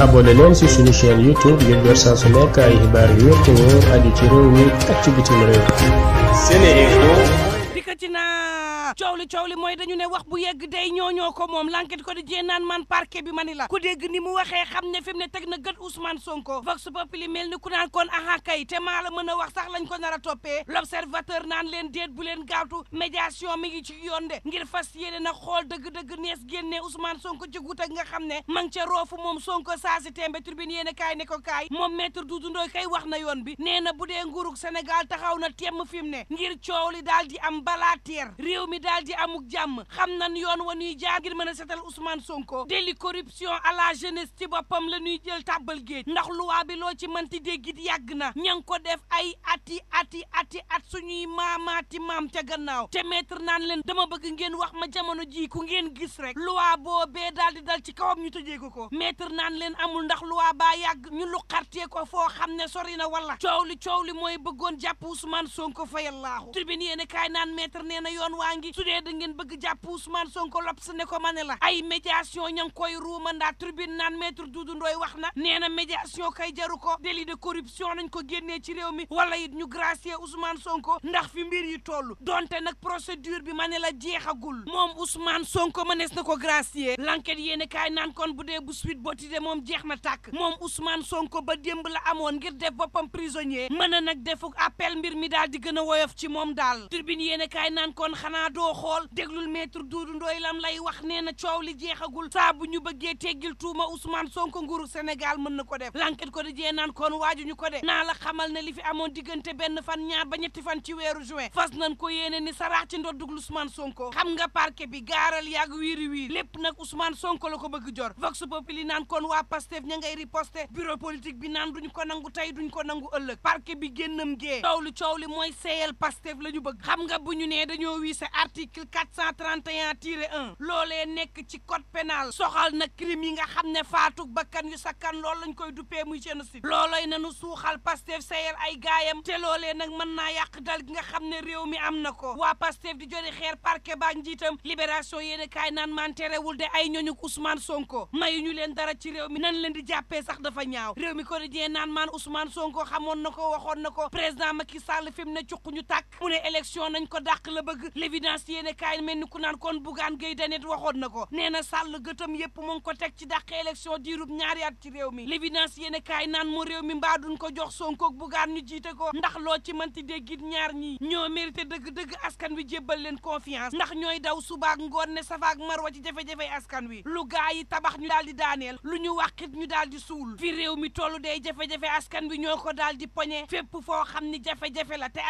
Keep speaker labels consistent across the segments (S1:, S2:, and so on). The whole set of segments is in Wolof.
S1: abonné leen ci suñu chaîne YouTube jot saa su nekk ay xibaar yu wér te wóor mi ak ci bitim coow li coow li mooy dañu ne wax bu yegg day ñooñoo ko moom l'enquête ko di jee naan man parquet bi ma ni la ku dégg ni mu waxee xam ne fi ne teg na gët Ousmane Sonko vox populi mel ni ku naan koon aha kay te maa la mën a wax sax lañ ko nar a toppee l'observateur naan leen déet bu leen gaawtu médiation mi ngi ci yoon de ngir fas yéene na xool dëgg-dëgg nees génnee Ousmane Sonko ci guut ak nga xam ne man ngi ca roofu moom Sonko saa si tembe turbine yéene kaay ne ko kaay moom maître Doudou Ndoye kay wax na yoon bi nee na bu dee nguurug Sénégal taxaw na temm fi mu ne ngir coow li daal di am balaa Sénégal di amuk jàmm xam nan yoon wa ñuy jaar ngir mën a setal Ousmane Sonko délit corruption à la jeunesse ci boppam la ñuy jël tàbbal géej ndax luwaa bi loo ci man mënti déggit yàgg na ña ngi ko def ay ati ati ati at suñuy maamaati maam ca gannaaw te maître naan leen dama bëgg ngeen wax ma jamono ji ku ngeen gis rek luwaa boobee daal di dal ci kawam ñu tëjee ko ko maître naan leen amul ndax luwaa baa yàgg ñu lu xartee ko foo xam ne sori na wala coow li coow li mooy bëggoon jàpp Ousmane Sonko fayal laaxu tribune yéene kaay naan maître yoon du dee da ngeen bëgg jàpp Ousmane Sonko lops ne ko ma ne la ay médiation ña ngi koy ruumandaa tribune naan maître du dundooy wax na nee na médiation kay jaru ko délit de corruption nañ ko génnee ci réew mi wala it ñu gracier Ousmane Sonko ndax fi mbir yi toll donte nag procédure bi ma ne la jeexagul moom Ousmane Sonko mënees na ko gracier l'enquête yéen kaay naan kon bu dee bu suite boti de moom jeex ma tàkk moom Ousmane Sonko ba démb la amoon ngir def boppam prisonnier mën na nag defuk appel mbir mi daal di gën a woyof ci moom daal tribune yéen kaay doo xool déglul maître Doudou Ndoye lam lay wax nee na coow li jeexagul saa bu ñu bëggee teggil tuuma Ousmane Sonko nguuru Sénégal mën na ko def l'enquête ko di jee naan kon waaju ñu ko de naa la xamal ne li fi amoon diggante benn fan ñaar ba ñetti fan ci weeru juin fas nañ ko yéene ni saraax ci ndoddug Ousmane Sonko xam nga parquet bi gaaral yàgg wiiri wiiri lépp nag Ousmane Sonko la ko bëgg jor vox yi naan kon waa Pastef ña ngay riposté bureau politique bi naan duñ ko nangu tey duñ ko nangu ëllëg parke bi génnam gee coow li coow li mooy seeyal Pastef la ñu bëgg xam nga bu ñu nee dañoo wiise article 431 tiré 1 loolee nekk ci code pénal soxal na crime yi nga xam ne faatug bakkan yu kan lool lañ koy duppee muy génocide loolay nanu suuxal Pastef seyer ay gaayam te loole nag mën naa yàq dal gi nga xam ne réew mi am na ko waa Pastef di jori xeer parquet baa njiitam libération yéen kaay naan man terewul de ay ñooñu Ousmane Sonko mayu ñu leen dara ci réew mi nan leen di jàppee sax dafa ñaaw réew mi ko di naan man Ousmane Sonko xamoon na ko waxoon na ko président Macky Sall fi mu ne cuq ñu tàkk mu ne nañ ko dàq la bëgg l'évidence las yéene kaay mel ni ku naan kon Bougane Gueye Dany waxoon na ko nee na sàll gëtam yépp mu ko teg ci dàq élection diirub ñaari at ci réew mi l'évidence yéene kaay naan mu réew mi mbaa duñ ko jox Sonko ak Bougane ñu jiite ko ndax loo ci mënti déggit ñaar ñi ñoo mérité dëgg-dëgg askan wi jébbal leen confiance ndax ñooy daw subaak ngoon ne safaak marwa ci jafe-jafe askan wi lu gaa yi tabax ñu daal di daaneel lu ñu wàqit ñu daal di suul fi réew mi tollu day jafe askan wi ñoo ko daal di poñe fépp foo xam ni jafe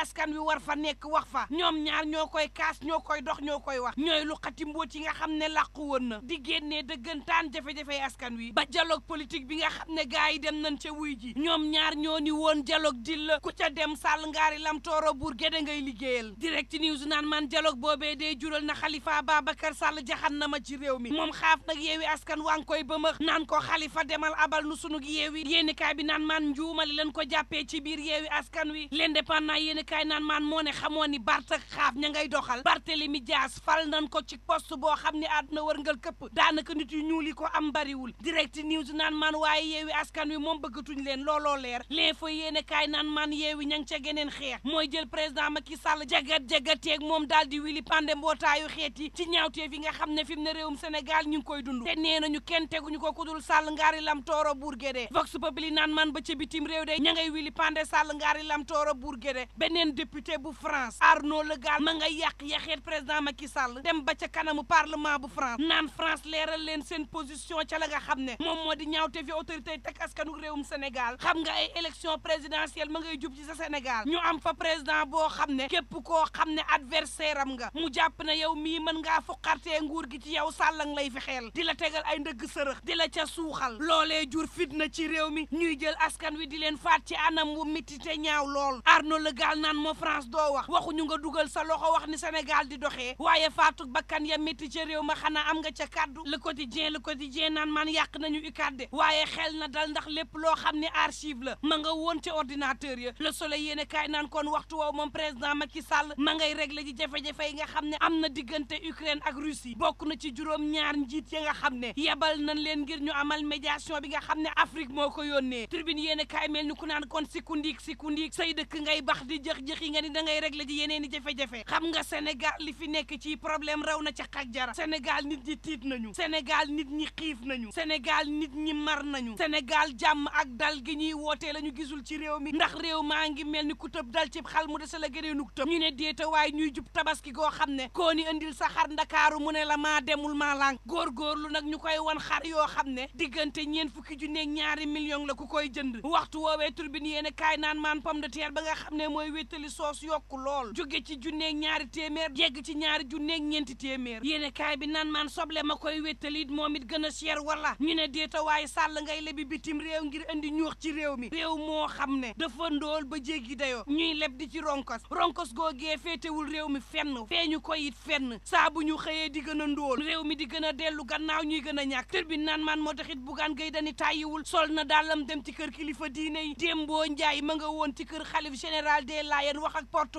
S1: askan wi war fa nekk wax fa ñoom ñaar ñoo koy kaas ñoo ñoo koy dox ñoo koy wax ñooy lu xati mbóot yi nga xam ne làqu woon na di génnee dëggantaan jafe-jafey askan wi ba jaloog politique bi nga xam ne gars yi dem nañ ca wuy ji ñoom ñaar ñoo ni woon dialogue dil la ku ca dem sàll ngaari lam tooro buur géde ngay liggéeyal direct news naan man dialogue boobee day jural na xalifa babacar sàll jaxan na ma ci réew mi moom xaaf nag yeewi askan waa ngi koy bëmëx naan ko xalifa demal abal nu sunug yeewi yéeni kaay bi naan maan njuumali leen ko jàppee ci biir yeewi askan wi l'indépendant yéeni kaay naan maan moo ne xamoo ni bart ak xaaf ña ngay doxal Barthélemy Dias fal nan ko ci poste boo xam ne àdduna wërngal këpp daanaka nit yu ñuul yi ko am bariwul direct news naan man waaye yeewi askan wi moom bëggatuñ leen looloo leer fo yéene kaay naan man yeewi ña ngi ca geneen xeex mooy jël président Macky Sall jagat jagateeg moom daal di wili pande mbootaayu xeet yi ci ñaawteef yi nga xam ne fi mu ne réewum Sénégal ñu koy dund te nee nañu kenn teguñu ko kudul Sall ngaari lam tooro buur gédee vox populi naan man ba ca bitim réew de ña ngay wili pande Sall ngaari lam buur gédee beneen député bu France Arnaud Legal ma nga yàq yaxeet ak président Macky Sall dem ba ca kanamu parlement bu France naan France leeral leen seen position ca la nga xam ne moom moo di ñaawte fi autorité yi teg réew réewum Sénégal xam nga ay élection présidentielle ma ngay jub ci sa Sénégal ñu am fa président boo xam ne képp koo xam ne adversaire am nga mu jàpp na yow mii mën ngaa fuqartee nguur gi ci yow sàllang lay fexeel di la tegal ay ndëgg sërëx di la ca suuxal loole jur fitna ci réew mi ñuy jël askan wi di leen faat ci anam wu mitti te ñaaw lool Arnaud Le Gall naan moo France doo wax waxuñu nga dugal sa loxo wax ni Sénégal di doxee waaye faatu bakkan ya métti ca réew ma xanaa am nga ca kàddu le quotidien le quotidien naan man yàq nañu ukadde waaye xel na dal ndax lépp loo xam ne archive la ma nga woon ca ordinateur ya le soleil yéene kaay naan kon waxtu woow moom président Macky Sall ma ngay régler ji jafe-jafe yi nga xam ne am na diggante Ukraine ak Russie bokk na ci juróom ñaar njiit ya nga xam ne yebal nañ leen ngir ñu amal médiation bi nga xam ne Afrique moo ko yónnee tribune yéene kaay mel ni ku naan kon sikundiig sikundiig say dëkk ngay bax di jëx jëx yi nga ni da ngay régler ji yeneen i jafe xam nga Sénégal li fi nekk ci problème rew na ca ak jara senegal nit ñi tiit nañu Sénégal nit ñi xiif nañu Sénégal nit ñi mar nañu Sénégal jàmm ak dal gi ñuy wootee la ñu gisul ci réew mi ndax réew maa ngi mel ni ku tëb dal ci xal mu dese la gëneenuk tëb ñu ne déeta waaye ñuy jub tabaski goo xam ne ko ni indil sa xar ndakaaru mu ne la maa demul maa lànk lu nag ñu koy wan xar yoo xam ne diggante ñeen fukki junne ñaari million la ku koy jënd waxtu woowee turbine yéen kaay naan maan pomme de terre ba nga xam ne mooy wéttali soos yokku lool jóge ci junne ñaari téeméer yegg ci ñaari junne ak ñeenti téeméer yéene kaay bi naan maan soble ma koy wéttali moom it gën a cher wala ñu ne déeta waaye sàll ngay lebi bitim réew ngir indi ñuux ci réew mi réew moo xam ne dafa ndóol ba jéggi dayoo ñuy leb di ci ronkos ronkos googee féetewul réew mi fenn ñu ko it fenn saa bu ñu xëyee di gën a ndóol réew mi di gën a dellu gannaaw ñuy gën a ñàkk tër bi naan maan moo taxit bugaan gay dani tàyyiwul sol na dàllam dem ci kër kilifa diine yi démboo njaay ma nga woon ci kër xalif général des Layènes ak porte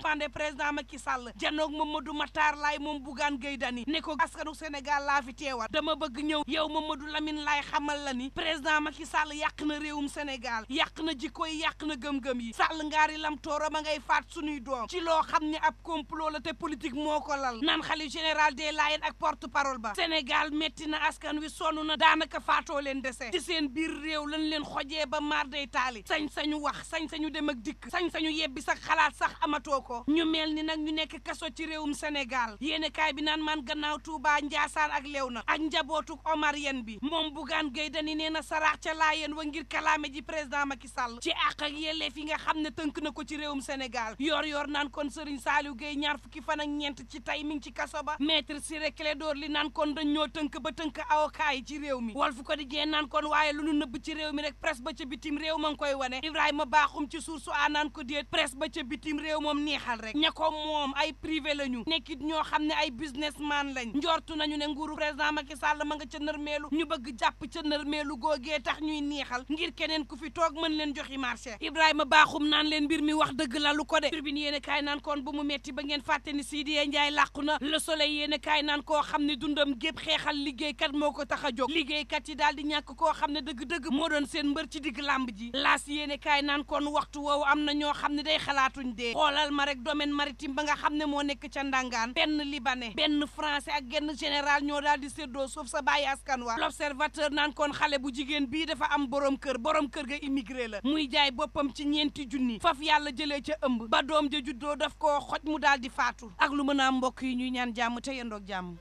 S1: dépendé président ki Sall janoog ma Matar laay moom Bougane Gueye Dany ne ko askanu Sénégal laa fi teewal dama bëgg ñëw yow Mamadou Lamine laay xamal la ni président Macky sàll yàq na réewum Sénégal yàq na jikko yi yàq na gëm-gëm yi Sall ngaari lam tooro ma ngay faat suñuy doom ci loo xam ne ab complo la te politique moo ko lal naan xalif général des Layènes ak porte parole ba Sénégal metti na askan wi sonn na daanaka faatoo leen dese ci seen biir réew lañ leen xojee ba maar day taali sañ-sañu wax sañ-sañu dem ak dikk sañ-sañu yebbi sax xalaat sax amatoo ko ñu mel ni nag ñu nekk kaso ci réewum Sénégal yéene kaay bi naan man gannaaw Touba Njaasaan ak na ak njabootuk Omar Yène bi moom Bougane Gueye Dany nee na saraax ca yen wa ngir kalaame ji président Macky Sall ci àq ak yelleef yi nga xam ne tënk na ko ci réewum Sénégal yor yor naan kon Serigne Saliou Gueye ñaar fukki fan ak ñeent ci tey mi ngi ci kaso ba maître Ciré Clédor li naan kon dañ ñoo tënk ba tënk awokaay yi ci réew mi Walf Quotidien naan kon waaye lu nu nëbb ci réew mi rek presse ba ca bitim réew ma ngi koy wane Ibrahima Bakhoum ci source a naan ko déet presse ba ca bitim réew moom neex neexal rek ña ko moom ay privé la ñu nekkit ñoo xam ne ay business businessman lañ njortu nañu ne nguuru président Macky Sall ma nga ca nërmeelu ñu bëgg jàpp ca nërmeelu googee tax ñuy neexal ngir keneen ku fi toog mën leen joxi marché Ibrahima Bakhoum naan leen mbir mi wax dëgg la lu ko de tribune yéen kaay naan kon bu mu metti ba ngeen fàtte ni Sidiya Ndiaye làqu na Le Soleil yéen kaay naan koo xam ne dundam gépp xeexal liggéeykat moo ko tax a jóg liggéeykat yi daal di ñàkk koo xam ne dëgg-dëgg moo doon seen mbër ci digg làmb ji laas yéen kaay naan kon waxtu woowu am na ñoo xam ne day xalaatuñ dee xoolal rek domaine maritime ba nga xam ne moo nekk ca Ndangaan benn libanais benn français ak genn général ñoo daal di séddoo suuf sa bàyyi askan wa l'observateur naan kon xale bu jigéen bii dafa am borom kër borom kër ga immigré la muy jaay boppam ci ñeenti junni faf yàlla jëlee ca ëmb ba doom ja juddoo daf ko xoj mu daal di faatu ak lu mën a mbokk yi ñuy ñaan jàmm te yendoog jàmm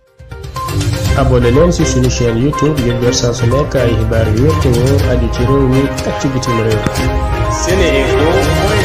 S1: abonné leen ci suñu chaîne youtube ngir jot saa su nekk ay xibaar yu wér te wóor mi ak ci bitim